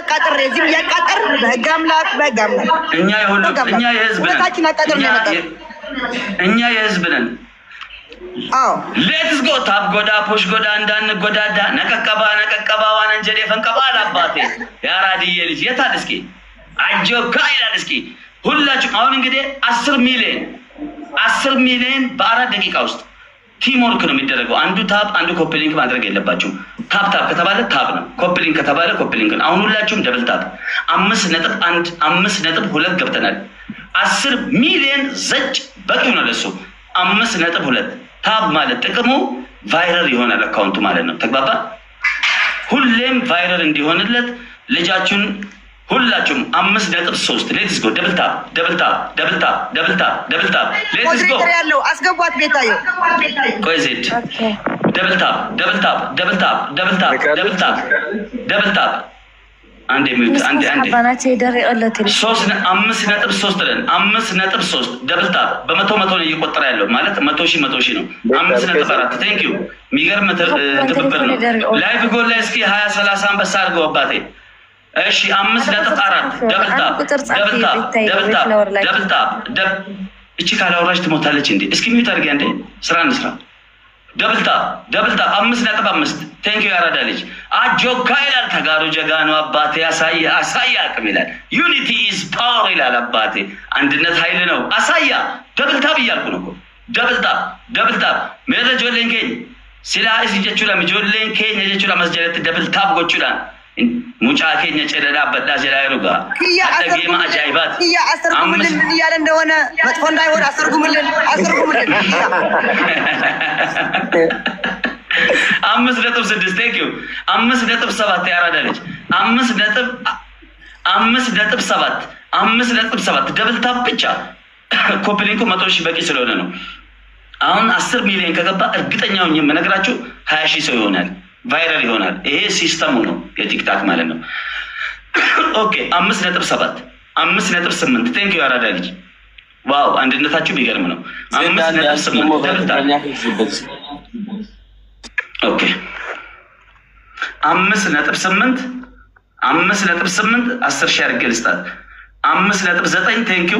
አቃጥሬ እዚህ ብዬ አቃጥር በህግ አምላክ በህግ አምላክ እኛ እኛ የህዝብ ሁለታችን አቃጥር ነው ያመጣ እኛ የህዝብ ነን። ሌትስ ጎ ታብ ጎዳ ፖሽ ጎዳ እንዳንጎዳዳ ነቀቀባ ነቀቀባ ዋን እንጀዴ ፈንቀባ አላባቴ የአራድዬ ልጅ የታል እስኪ አጆካ ይላል እስኪ ሁላችሁም አሁን እንግዲህ አስር ሚሊዮን አስር ሚሊዮን በአራት ደቂቃ ውስጥ ቲም ወርክ ነው የሚደረገው። አንዱ ታፕ አንዱ ኮፕሊንክ ማድረግ የለባችሁ። ታፕ ታፕ ከተባለ ታፕ ነው። ኮፕሊንክ ከተባለ ኮፕሊንክ ነው። አሁን ሁላችሁም ደብል ታፕ አምስት ነጥብ አንድ አምስት ነጥብ ሁለት ገብተናል። አስር ሚሊዮን ዘጭ በቂ ነው ለሱ። አምስት ነጥብ ሁለት ታፕ ማለት ጥቅሙ ቫይረል ይሆናል አካውንቱ ማለት ነው። ተግባባ። ሁሌም ቫይረል እንዲሆንለት ልጃችሁን ሁላችሁም አምስት ነጥብ ሶስት ሌትስ ጎ ደብልታ ደብልታ ደብልታ ደብልታ ደብልታ ሌትስ ጎ ያለው አስገቧት። ቤታዬ ቆይ ዜድ ደብልታ ደብልታ ደብልታ ደብልታ ደብልታ ደብልታ አንድ የሚሉት አንድ አንድ ሶስት አምስት ነጥብ ሶስት ለን አምስት ነጥብ ሶስት ደብልታ በመቶ መቶ ነው እየቆጠረ ያለው ማለት መቶ ሺህ መቶ ሺህ ነው። አምስት ነጥብ አራት ቴንኪዩ የሚገርም ትብብር ነው። ላይቭ ጎል ላይ እስኪ ሀያ ሰላሳ አንበሳ አድርገው አባቴ እሺ አምስት ነጥብ አራት ደብልታ ደብልታ ደብልታ ደብልታ እቺ ካላወራች ትሞታለች እንዴ! እስኪ ሚዩት አድርጊያ እንዴ! ስራ እንስራ። ደብልታ ደብልታ አምስት ነጥብ አምስት ቴንኪ ያራዳ ልጅ አጆካ ይላል። ተጋሩ ጀጋ ነው አባቴ አሳየ አሳያ አቅም ይላል። ዩኒቲ ኢዝ ፓወር ይላል አባቴ። አንድነት ኃይል ነው። አሳያ ደብልታ ብያልኩ ነው። ደብልታ ደብልታ ሜረ ሌንኬኝ ኬኝ ሲላ ስጀቹላ ሚጆሌን ሌንኬኝ ጀቹላ መስጀለት ደብልታ ብጎቹላን ሙጫ ኬኛ ጨለላ በዳ ጀላይሩ ጋር አጠጌማ አጃይባት እያ አሰርጉምልን ምን እያለ እንደሆነ መጥፎ እንዳይሆን አሰርጉምልን አሰርጉምልን አምስት ነጥብ ስድስት ቴንክ ዩ አምስት ነጥብ ሰባት ያራዳ ልጅ አምስት ነጥብ አምስት ነጥብ ሰባት አምስት ነጥብ ሰባት ደብል ታፕ ብቻ ኮፕሊንኩ መቶ ሺህ በቂ ስለሆነ ነው። አሁን አስር ሚሊዮን ከገባ እርግጠኛውን የምነግራችሁ ሀያ ሺህ ሰው ይሆናል። ቫይራል ይሆናል። ይሄ ሲስተሙ ነው የቲክታክ ማለት ነው። ኦኬ አምስት ነጥብ ሰባት አምስት ነጥብ ስምንት ቴንክ ዩ አራዳ ልጅ ዋው አንድነታችሁ የሚገርም ነው። አምስት ነጥብ ስምንት አምስት ነጥብ ስምንት አምስት ነጥብ ስምንት አስር ሺህ አድርጌ ልስጣት። አምስት ነጥብ ዘጠኝ ቴንክ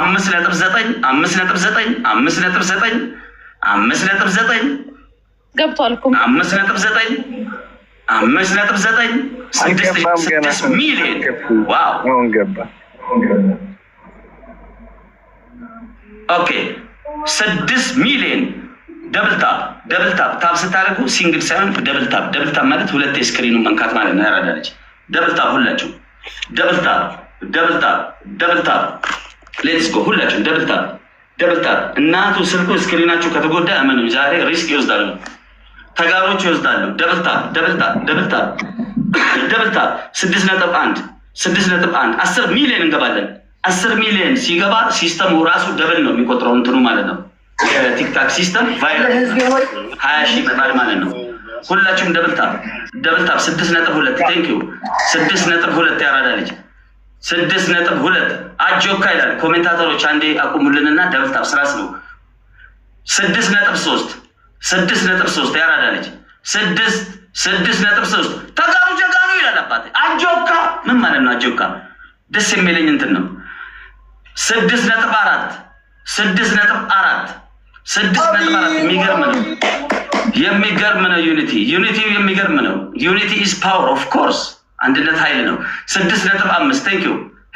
አምስት ነጥብ ዘጠኝ አምስት ነጥብ ዘጠኝ አምስት ነጥብ ዘጠኝ አምስት ነጥብ ዘጠኝ ገብቷል እኮ አምስት ነጥብ ዘጠኝ አምስት ነጥብ ዘጠኝ ስድስት ሚሊዮን አሁን ገባ። ኦኬ ስድስት ሚሊዮን ደብል ታፕ ደብል ታፕ ታፕ ስታደርጉ ሲንግል ሳይሆን ደብል ታፕ ደብል ታፕ ማለት ሁለት የስክሪኑ መንካት ማለት ነው። ያረዳለች ደብል ታፕ ሁላችሁ ደብል ታፕ ደብል ታፕ ደብል ታፕ ሌትስ ጎ ሁላችሁ ደብል ታፕ ደብል ታፕ እናቱ ስልኩ ስክሪናችሁ ከተጎዳ እመኑ ዛሬ ሪስክ ይወስዳሉ። ተጋሮች ይወስዳሉ። ደብልታ ደብልታ ደብልታ ደብልታ ስድስት ነጥብ አንድ ስድስት ነጥብ አንድ አስር ሚሊዮን እንገባለን። አስር ሚሊዮን ሲገባ ሲስተሙ ራሱ ደብል ነው የሚቆጥረው እንትኑ ማለት ነው። ቲክታክ ሲስተም ሀያ ሺህ ይመጣል ማለት ነው። ሁላችሁም ደብልታ ደብልታ ስድስት ነጥብ ሁለት ቴንክ ዩ ስድስት ነጥብ ሁለት ያራዳ ልጅ ስድስት ነጥብ ሁለት አጆካ ይላል። ኮሜንታተሮች አንዴ አቁሙልንና ደብልታ ስራስ ነው ስድስት ነጥብ ሶስት ስድስት ነጥብ ሶስት ያራዳ ልጅ ስድስት ስድስት ነጥብ ሶስት ተጋሩ ጀጋኑ ይላል አባቴ። አጆካ ምን ማለት ነው? አጆካ ደስ የሚለኝ እንትን ነው። ስድስት ነጥብ አራት ስድስት ነጥብ አራት ስድስት ነጥብ አራት የሚገርም ነው። የሚገርም ነው። ዩኒቲ ዩኒቲ የሚገርም ነው። ዩኒቲ ኢስ ፓወር ኦፍ ኮርስ አንድነት ኃይል ነው። ስድስት ነጥብ አምስት ዩ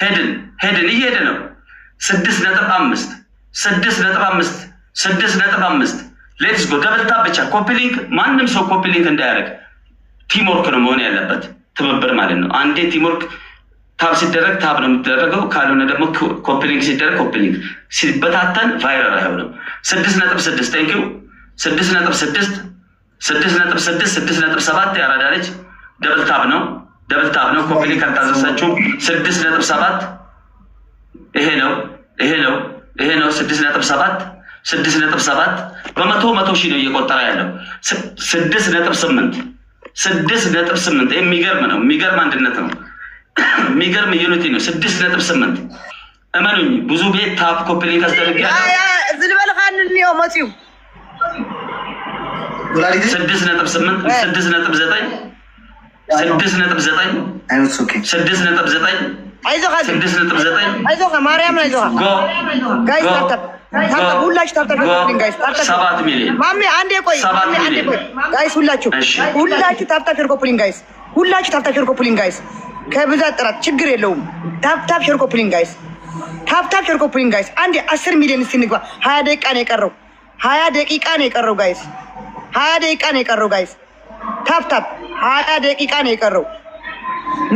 ሄድን ሄድን እየሄድ ነው። ስድስት ነጥብ አምስት ስድስት ነጥብ አምስት ስድስት ነጥብ አምስት ሌትስ ጎ ገበልታ ብቻ ኮፒሊንክ፣ ማንም ሰው ኮፒሊንክ እንዳያደርግ ቲምወርክ ነው መሆን ያለበት ትብብር ማለት ነው። አንዴ ቲምወርክ ታብ ሲደረግ ታብ ነው የምትደረገው ካልሆነ ደግሞ ኮፒሊንክ ሲደረግ ኮፒሊንክ ሲበታተን ቫይረል አይሆንም። ስድስት ነጥብ ስድስት ቴንኪው ስድስት ነጥብ ስድስት ስድስት ነጥብ ስድስት ስድስት ነጥብ ሰባት ያራዳ ልጅ ደብል ታብ ነው ደብል ታብ ነው። ኮፒሊንክ አልታዘሳችሁም። ስድስት ነጥብ ሰባት ይሄ ነው ይሄ ነው ይሄ ነው ስድስት ነጥብ ሰባት ስድስት ነጥብ ሰባት በመቶ መቶ ሺህ ነው እየቆጠረ ያለው። ስድስት ነጥብ ስምንት ስድስት ነጥብ ስምንት የሚገርም ነው። የሚገርም አንድነት ነው። የሚገርም ዩኒቲ ነው። ስድስት ነጥብ ስምንት እመኑኝ፣ ብዙ ቤት ታፕ ኮፕሌ ካስደርግ ዝልበልካን ኒዮ መጽው ስድስት ነጥብ ስምንት ስድስት ነጥብ ዘጠኝ ስድስት ነጥብ ዘጠኝ ስድስት ነጥብ ዘጠኝ ስድስት ነጥብ ዘጠኝ ማርያም ሰባት ሚሊዮን ማሜ፣ አንዴ ቆይ ጋይስ፣ ሁላችሁ ሁላችሁ ታፕታፕ ሸር ጋይስ፣ ሁላችሁ ታፕታፕ ሸር ጋይስ። ከብዛት ጥራት ችግር የለውም። ታፕታፕ ሸርኮፕሊን ጋይስ፣ ታፕታፕ ሸርኮፕሊን ጋይስ። አንዴ አስር ሚሊዮን እስቲ እንግባ። ሀያ ደቂቃ ነው የቀረው፣ ሀያ ደቂቃ ነው የቀረው ጋይስ፣ ሀያ ደቂቃ ነው የቀረው ጋይስ። ታፕታፕ ሀያ ደቂቃ ነው የቀረው።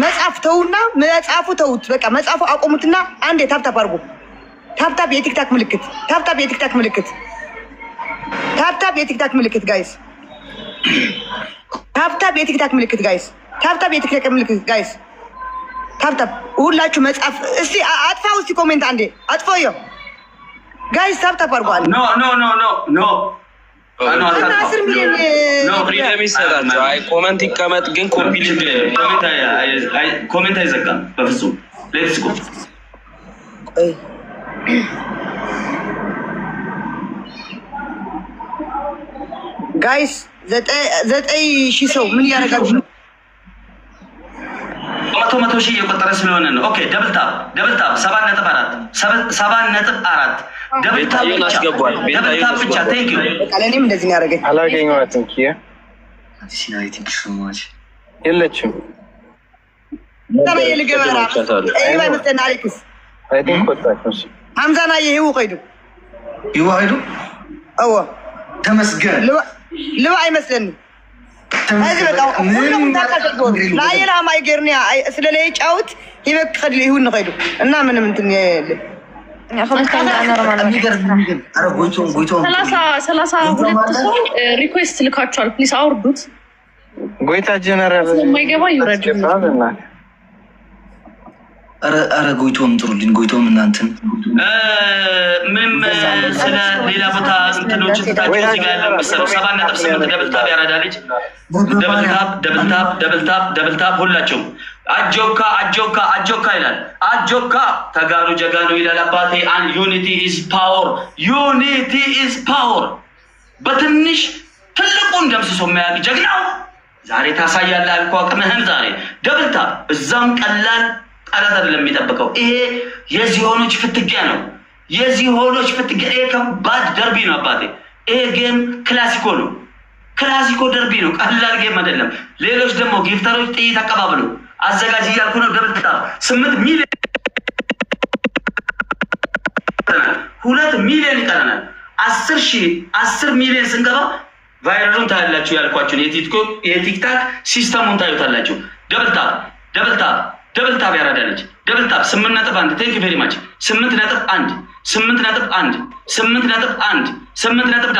መጽሐፍ ተውና መጽሐፉ ተውት፣ በቃ መጽሐፉ አቆሙትና አንዴ ታፕታፕ አድርጉ። ታፕታፕ የቲክታክ ምልክት ጋይስ፣ ታብታብ የቲክታክ ምልክት ጋይስ፣ ታብታብ የቲክታክ ምልክት ጋይስ፣ ታብታብ ሁላችሁ መጻፍ እስቲ አጥፋው፣ እስቲ ኮሜንት አንዴ አጥፋው። ይኸው ጋይስ ታብታብ አድርጓል። ኖ ኖ ኖ ኖ ኖ ኮመንት ይቀመጥ ግን ኮሜንት አይዘጋም በፍጹም ሌትስ ጎ ጋይስ ዘጠኝ ሺህ ሰው ምን እያደረጋችሁ ነው? መቶ መቶ ሺህ እየቆጠረ ስለሆነ ነው። ኦኬ ደብል ታፕ ደብል ታፕ ሰባት ነጥብ አራት ሰባት ነጥብ አራት ደብል ታፕ ብቻ ደብል ታፕ ብቻ። ቴንክ ዩ ለእኔም እንደዚህ ያደረገኝ። አላገኘኋትም። ኪያ የለችም። ልገባ ና ሌክስ ሐምዛናዬ ይኸው ኸይዱ ይኸው አዎ ተመስገን ልባ አይመስለንም። እዚህ በቃ ሁሉም ማይ ገርኒያ ስለለየ ጫውት ይበቅ ከድል ይሁን ኸይዱ እና ምንም እንትን የለ ሰላሳ ሁለት ሰው ሪኩዌስት ልካችኋል። ፕሊስ አውርዱት። ጎይታ ጀነራል የማይገባ ይውረድ። አረ ጎይቶም ጥሩልኝ። ጎይቶም እናንትን ምንም ስለ ሌላ ቦታ እንትኖችን ትታችሁ እዚህ ጋር ያለ መሰለው ሰባት ነጥብ ስምንት ደብልታብ ያረዳ ልጅ ደብልታብ ደብልታብ ደብልታብ ደብልታብ ሁላቸውም አጆካ አጆካ አጆካ ይላል። አጆካ ተጋኑ ጀጋኑ ይላል አባቴ። አን ዩኒቲ ኢዝ ፓወር፣ ዩኒቲ ኢዝ ፓወር። በትንሽ ትልቁን ደምስሶ የሚያውቅ ጀግናው ዛሬ ታሳያለህ አልኩህ አቅምህን ዛሬ ደብልታብ እዛም ቀላል ቃላት አይደለም የሚጠብቀው። ይሄ ሆኖች ፍትጊያ ነው። የዝሆኖች ፍትጊያ። ይሄ ከባድ ደርቢ ነው አባቴ። ይሄ ጌም ክላሲኮ ነው። ክላሲኮ ደርቢ ነው። ቀላል ጌም አይደለም። ሌሎች ደግሞ ጊፍተሮች ጥይት አቀባብሉ አዘጋጅ እያልኩ ነው። ደብል ስምንት ሚሊዮን ሁለት ሚሊዮን ይቀረናል። አስር ሺ አስር ሚሊዮን ስንገባ ቫይረሉን ታያላችሁ። ያልኳችሁን የቲክታክ ሲስተሙን ታዩታላችሁ። ደብል ታፕ ደብል ታፕ ደብል ታብ ያራዳለች። ደብል ታብ ስምንት ነጥብ አንድ ቴንክ ቬሪ ማች ስምንት ነጥብ አንድ ስምንት ነጥብ አንድ ስምንት ነጥብ አንድ ስምንት ነጥብ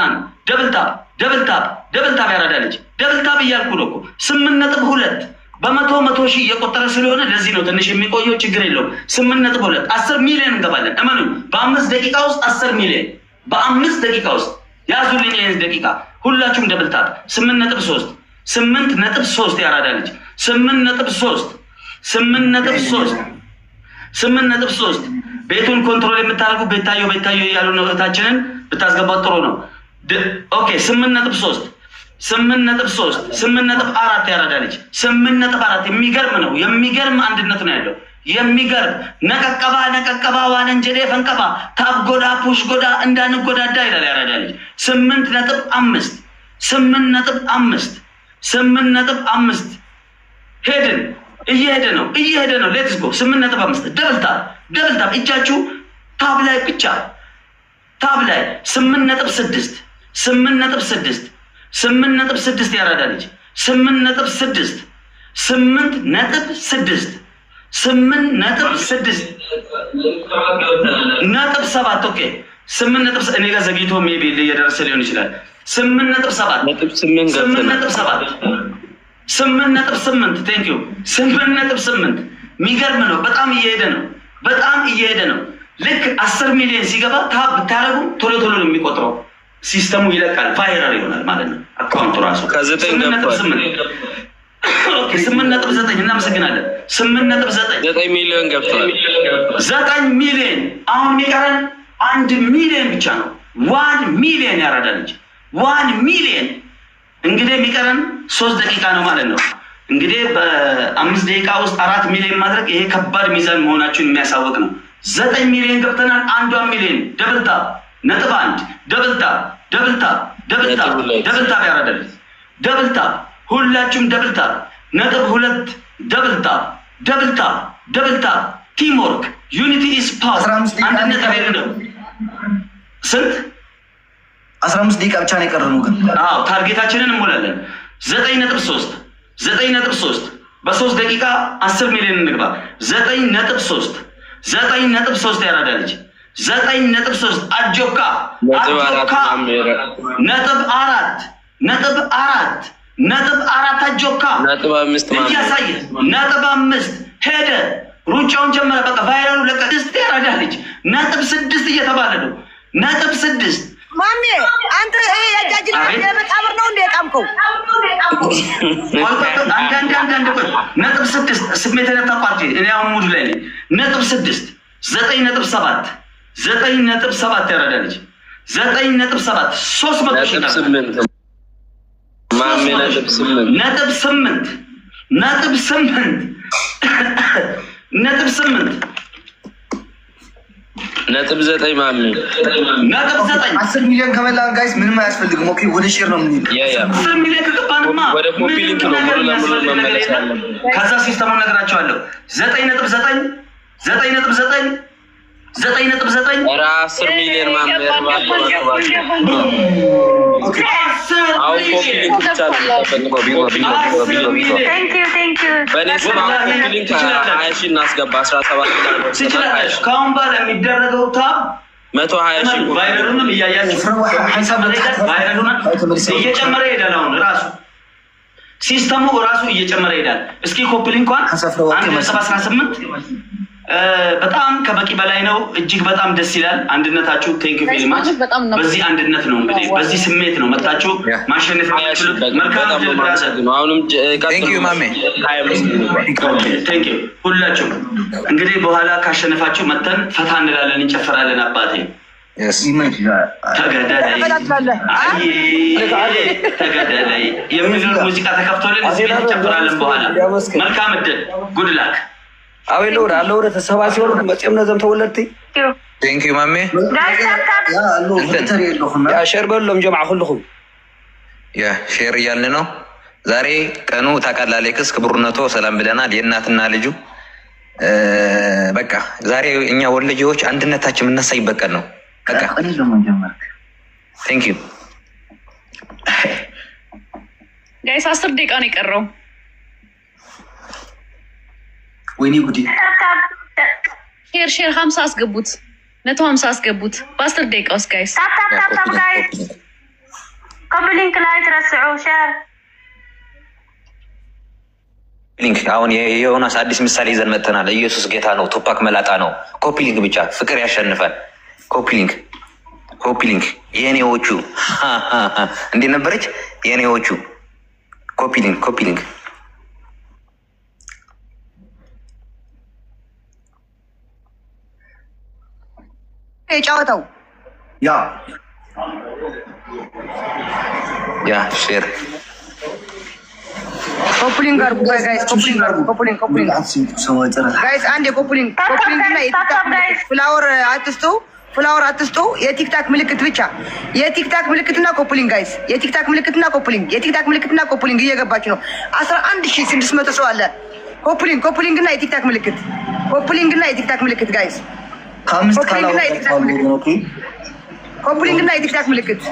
ደብል ታብ ደብል ታብ ደብል ታብ ያራዳለች። ደብል ታብ እያልኩ ነው እኮ ስምንት ነጥብ ሁለት በመቶ መቶ ሺህ እየቆጠረ ስለሆነ ለዚህ ነው ትንሽ የሚቆየው። ችግር የለውም። ስምንት ነጥብ ሁለት አስር ሚሊዮን እንገባለን። እመኑ። በአምስት ደቂቃ ውስጥ አስር ሚሊዮን በአምስት ደቂቃ ውስጥ ያዙልኝ። ይህን ደቂቃ ሁላችሁም ደብል ታብ ስምንት ነጥብ ሶስት ስምንት ነጥብ ሶስት ስምንት ነጥብ ሶስት ስምንት ነጥብ ሶስት ስምንት ነጥብ ሶስት ቤቱን ኮንትሮል የምታደርጉ ቤታዮ ቤታዮ እያሉ ንብረታችንን እህታችንን ብታስገባት ጥሩ ነው። ኦኬ ስምንት ነጥብ ሶስት ስምንት ነጥብ ሶስት ስምንት ነጥብ አራት ያራዳለች። ስምንት ነጥብ አራት የሚገርም ነው። የሚገርም አንድነት ነው ያለው የሚገርም ነቀቀባ ነቀቀባ ዋለንጀሌ ፈንቀባ ታብ ጎዳ ፑሽ ጎዳ እንዳንጎዳዳ ይላል ያራዳ ልጅ። ስምንት ነጥብ አምስት ስምንት ነጥብ አምስት ስምንት ነጥብ አምስት ሄድን እየሄደ ነው እየሄደ ነው። ሌትስ ጎ ስምንት ነጥብ አምስት ደብልታ ደብልታ እጃችሁ ታብ ላይ ብቻ ታብ ላይ ስምንት ነጥብ ስድስት ስምንት ነጥብ ስድስት ስምንት ነጥብ ስድስት ያራዳ ልጅ ስምንት ነጥብ ስድስት ስምንት ነጥብ ስድስት ስምንት ነጥብ ስድስት ነጥብ ሰባት ኦኬ ስምንት ነጥብ እኔ ጋር ዘግይቶ ሜይ ቢ እየደረሰ ሊሆን ይችላል። ስምንት ነጥብ ሰባት ስምንት ነጥብ ሰባት ስምንት ነጥብ ስምንት ቴንክ ዩ ስምንት ነጥብ ስምንት የሚገርም ነው። በጣም እየሄደ ነው። በጣም እየሄደ ነው። ልክ አስር ሚሊዮን ሲገባ ታብ ብታደረጉ ቶሎ ቶሎ ነው የሚቆጥረው። ሲስተሙ ይለቃል። ቫይራል ይሆናል ማለት ነው። አካውንቱ ራሱ ስምንት ነጥብ ዘጠኝ እናመሰግናለን። ስምንት ነጥብ ዘጠኝ ዘጠኝ ሚሊዮን ገብቷል። ዘጠኝ ሚሊዮን አሁን የሚቀረን አንድ ሚሊዮን ብቻ ነው። ዋን ሚሊዮን ያራዳለች ዋን ሚሊዮን እንግዲህ የሚቀረን ሶስት ደቂቃ ነው ማለት ነው። እንግዲህ በአምስት ደቂቃ ውስጥ አራት ሚሊዮን ማድረግ ይሄ ከባድ ሚዛን መሆናችሁን የሚያሳውቅ ነው። ዘጠኝ ሚሊዮን ገብተናል። አንዷን ሚሊዮን ደብልታ ነጥብ አንድ ደብልታ ደብልታ ደብልታ ደብልታ ያረደል ደብልታ ሁላችሁም ደብልታ ነጥብ ሁለት ደብልታ ደብልታ ደብልታ ቲምወርክ ዩኒቲ ኢስ ፓወር አንድነት ነው። ስንት አስራ አምስት ደቂቃ ብቻ ነው የቀረነው። ግን አዎ ታርጌታችንን እንሞላለን። ዘጠኝ ነጥብ ሶስት ዘጠኝ ነጥብ ሶስት በሶስት ደቂቃ አስር ሚሊዮን እንግባ። ዘጠኝ ነጥብ ሶስት ዘጠኝ ነጥብ ሶስት ያራዳ ልጅ ዘጠኝ ነጥብ ሶስት አጆካ አጆካ ነጥብ አራት ነጥብ አራት ነጥብ አራት አጆካ እያሳየ ነጥብ አምስት ሄደ። ሩጫውን ጀመረ። በቃ ቫይራሉ ለቀ። ስ ያራዳ ልጅ ነጥብ ስድስት እየተባለ ነው። ነጥብ ስድስት ማሜ አንተ ይሄ ያጃጅል ለመቃብር ነው እንደ የቃምከው ነጥብ ስድስት ስሜት ነታቋርጭ እኔ አሁን ሙድ ላይ ነኝ። ነጥብ ስድስት ዘጠኝ ነጥብ ሰባት ዘጠኝ ነጥብ ሰባት ያረዳለች ዘጠኝ ነጥብ ሰባት ሶስት መቶ ነጥብ ስምንት ነጥብ ስምንት ነጥብ ስምንት ነጥብ ዘጠኝ ማሚ ነጥብ ዘጠኝ አስር ሚሊዮን ከመላ ጋይስ ምንም አያስፈልግም። ኦኬ ወደ ሼር ነው ምን ወደ ኮፒ ሊንክ ከዛ ሲስተሙን ነግራቸዋለሁ። ዘጠኝ ነጥብ ዘጠኝ ዘጠኝ ነጥብ ዘጠኝ ዘጠኝ ነጥብ ዘጠኝ አስር ሚሊዮን ማንበር እናስገባ። አስራ ሰባት ከአሁን በኋላ የሚደረገው ታብ መቶ ሀያ ራሱ ሲስተሙ ራሱ እየጨመረ ይሄዳል። እስኪ ኮፕሊንኳን አንድ ነጥብ አስራ ስምንት በጣም ከበቂ በላይ ነው። እጅግ በጣም ደስ ይላል አንድነታችሁ። ቴንክ ቬሪ ማች። በዚህ አንድነት ነው እንግዲህ በዚህ ስሜት ነው መጣችሁ ማሸነፍ ያችሉት። መልካም ሁላችሁ እንግዲህ በኋላ ካሸነፋችሁ መተን ፈታ እንላለን፣ እንጨፈራለን። አባቴ ተገዳዳይ ተገዳዳይ ሙዚቃ ተከፍቶልን እዚህ እንጨፍራለን። በኋላ መልካም እድል ጉድላክ አቤ አለ ወደ ተሰባ ወርክ መጽም ነዘም ተወለድቲ ቴንክ ዩ ማሜ ሸር በሎም ጀምዓ ኩልኩም ያ ሼር እያልን ነው። ዛሬ ቀኑ ታውቃላለህ። ክስ ክቡርነቶ ሰላም ብለናል። የእናትና ልጁ በቃ ዛሬ እኛ ወለጂዎች አንድነታችን የምናሳይበት ቀን ነው። በቃ ቴንክ ዩ ጋይስ፣ አስር ደቂቃ ነው የቀረው። ወይኔ ጉዴ። ሼር ሼር ሀምሳ አስገቡት፣ መቶ ሀምሳ አስገቡት በአስር ደቂቃ ውስጥ ጋይስ ሊንክ ላይ ትረስዑ ሼር ሊንክ አሁን የዮናስ አዲስ ምሳሌ ይዘን መጥተናል። ኢየሱስ ጌታ ነው፣ ቱፓክ መላጣ ነው። ኮፒ ሊንክ ብቻ ፍቅር ያሸንፈን። ኮፒ ሊንክ ኮፒ ሊንክ የኔዎቹ እንዴት ነበረች? የኔዎቹ ኮፒ ሊንክ ኮፒ ሊንክ የጨዋታው ያ ያ ሼር ኮፕሊንግ ጋር ጋይስ ኮፕሊንግ ጋር ኮፕሊንግ ኮፕሊንግ ጋይስ የቲክታክ ፍላወር አትስጡ፣ ፍላወር የቲክታክ ምልክት ብቻ የቲክታክ ምልክትና ኮፕሊንግ ጋይስ የቲክታክ ምልክትና ኮፕሊንግ የቲክታክ ምልክትና ኮፕሊንግ እየገባች ነው። 11600 ሰው አለ። ኮፕሊንግ ኮፕሊንግና የቲክታክ ምልክት ኮፕሊንግ እና የቲክታክ ምልክት ጋይስ ከአምስት ኮምፕሊንግና የቲክታክ ምልክት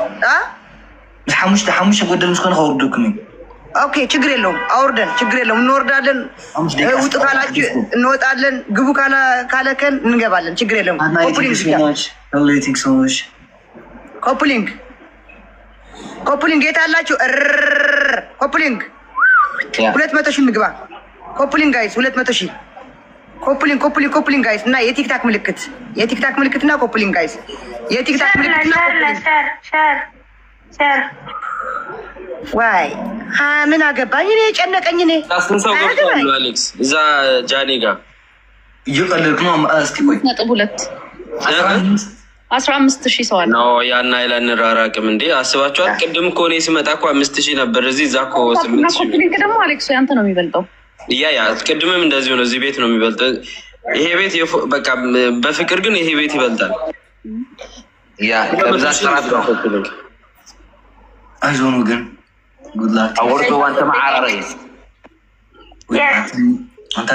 ሓሙሽተ ሓሙሽተ ጎደል ምስ ኮነ ከውርደኩም ኦኬ፣ ችግር የለውም። አውርደን ችግር የለውም። እንወርዳለን። ውጡ ካላችሁ እንወጣለን። ግቡ ካለከን እንገባለን። ችግር የለውም። ኮፕሊንግ ኮፕሊንግ የት አላችሁ? ኮፕሊንግ ሁለት መቶ ሺህ እንግባ። ኮፕሊንግ ጋይስ ሁለት መቶ ሺህ ኮፕሊንግ ኮፕሊንግ ኮፕሊንግ ጋይስ እና የቲክታክ ምልክት የቲክታክ ምልክት እና ኮፕሊንግ ጋይስ የቲክታክ ምልክት እና ዋይ ምን አገባኝ እኔ የጨነቀኝ እኔ ሰው ገብቷል። አሌክስ እዛ ጃኒ ጋር እየቀለድክ ነው። እስኪ ቆይ ነጥብ ሁለት አስራ አምስት ሺህ ሰው አለ። ያን ኃይል ራራቅም እንዴ አስባችኋል? ቅድም እኮ እኔ ስመጣ እኮ አምስት ሺህ ነበር። እዚህ እዛ እኮ ስምንት ሺህ ደግሞ አሌክስ ያንተ ነው የሚበልጠው ያ ያ ቅድምም እንደዚሁ ነው። እዚህ ቤት ነው የሚበልጥ ይሄ ቤት በቃ በፍቅር ግን ይሄ ቤት ይበልጣል። ያ ከብዛት ስራት ነው። አይዞኑ ግን አወርዶ ዋንተ ማዓራረ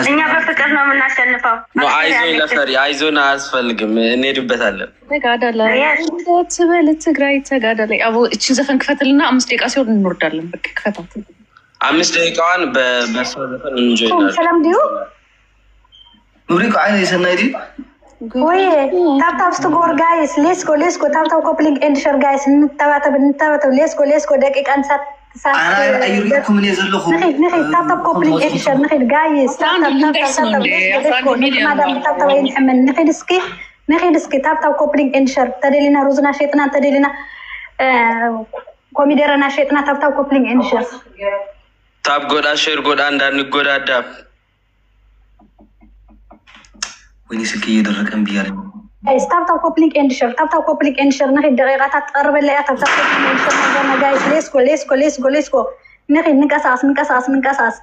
እኛ በፍቅር ነው የምናሸንፈው። አይዞን ለፈሪ አይዞን አያስፈልግም፣ እንሄድበታለን። ተጋዳላይ ትግራይ ተጋዳላይ። እችን ዘፈን ክፈትልና አምስት ደቂቃ ሲሆን እንወርዳለን። በቃ ክፈታት አምስት ደቂቃዋን በእሷ ዘፈን እንጆ ይላል። ሰላም ዲሁ ኑሪ ሩዝና ሸጥና ተደሊና ኮሚደረና ሸጥና ታብታብ ኮፕሊንግ ኤንድ تاب غودا شير غودا انداني غودا داب ويني سلكي يدرك انبياء اي ستاب تاب كوبلينك اند شير تاب تاب كوبلينك اند شير نخي دقيقه تقرب لي تاب تاب كوبلينك اند شير ما جايش ليسكو ليسكو ليسكو ليسكو نخي نقصاص من قصاص من قصاص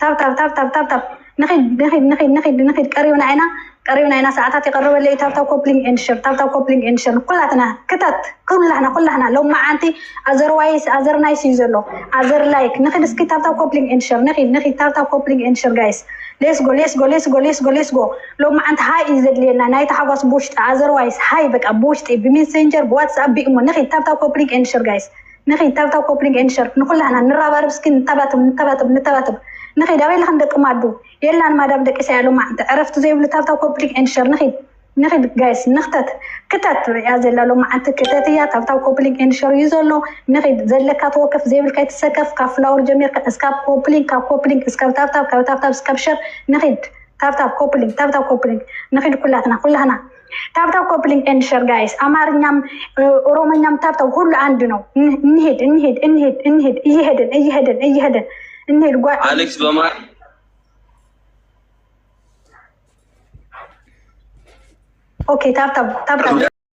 تاب تاب تاب تاب تاب تاب نخي نخي نخي نخي نخي كاريون عينا قريبنا هنا ساعات تقرب لي تابتا كوبلينج انشر تابتا كوبلينج انشر كلاتنا كتت كلنا كلنا لو ما عندي otherwise other nice يزلو لايك نخي نخد سكي تابتا كوبلينج انشر نخي نخي تابتا كوبلينج انشر guys ليس جو ليس جو ليس جو ليس جو ليس جو لو ما عند هاي يزد لينا نايت حواس بوشت otherwise هاي بك بوشت بمسنجر بواتساب بيمو نخي تابتا كوبلينج انشر guys نخي تابتا كوبلينج انشر نخلنا نرابر سكي نتابتب نتابتب نتابتب نخيد أبي لخن دك مادو يلا أنا ما دب دك سعلو ما أنت عرفت زي بلي تاب كوبليك إنشر نخيد نخيد جايس نختت كتت يا زلا لو ما أنت كتت يا تاب تاب كوبليك إنشر يزولو نخيد زلا كاتوقف زي بلي كاتسكف كافلاور جميل كاسكاب كوبليك كاب كوبليك اسكاب تاب تاب كاب تاب تاب سكابشر نخيد تاب تاب كوبليك تاب تاب كوبليك نخيد كلاتنا كلها نا تاب كوبلين كوبلينج انشر جايز امار نيام رومانيام تاب تاب كل عندنا نهيد نهيد نهيد نهيد يهدن يهدن يهدن እንሄድ ጓ አሌክስ በማር ኦኬ ታብታብ ታብታብ